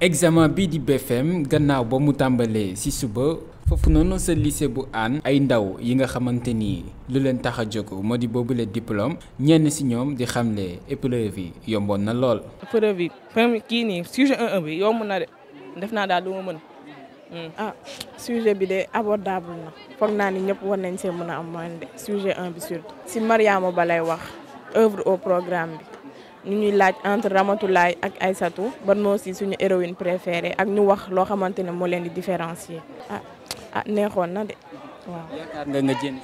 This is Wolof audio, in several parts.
examen bii di BFM gannaaw ba mu tàmbalee ci suba foofu noonu sa lycée bu Hann ay ndaw yi nga xamante ni lu leen taxa a jóg moo di boobule diplôme ñenn ci ñoom di xamle épreuve yi yomboon na lool. épreuve yi kii nii sujet 1 bi yomb na def naa daal lu ma mën. Hmm. ah sujet bi de abordable na naa ñëpp war nañ see mën a am moyen bi surtout. ci Mariama ba wax. œuvre au programme bi ñu ñuy laaj entre Ramatoulaye ak Aïssatou ban moo si suñu héroïne préférée ak ñu wax loo xamante ne moo leen di différencier ah, ah neexoon na de waaw. yaakaar nga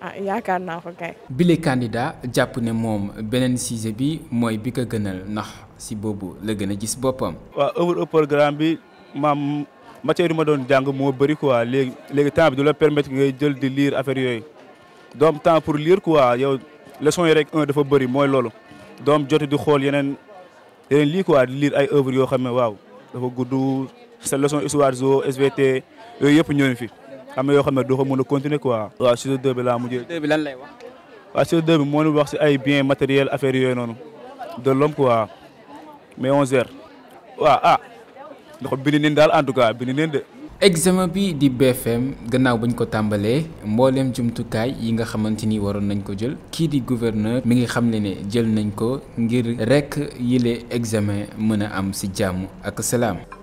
ah, yaakaar naa ko kay. bile candidat jàpp ne moom beneen sujet bi mooy bi ko gënal ndax si boobu la gën a gis boppam. waaw œuvre au programme bi maam matière yu ma doon jàng moo bëri quoi léegi léegi temps bi du la permettre ngay jël di liir affaire yooyu doom temps pour lire quoi yow. leçon yi rek un dafa bëri mooy loolu doom jot di xool yeneen yeneen lii quoi di lire ay œuvres yoo xam ne waaw dafa gudd sa leçon histoire zo SVT yooyu yëpp ñëw fi am yoo xam ne doo ko mën a continuer quoi. waaw saison 2 bi laa mujjee. saison bi lan lay wax. waaw saison 2 moo ñu wax si ay bien matériel affaire yooyu noonu de l'homme quoi mais 11h. waaw ah ndax bind nañ daal en tout cas bind de. examen bi di BFM gannaaw bañ ko tàmbalee mbooleem jumtukaay yi nga xamante ni waroon nañ ko jël kii di gouverneur mi ngi xam ne ne jël nañ ko ngir rekk yile examen mën a am ci jàmm ak salaam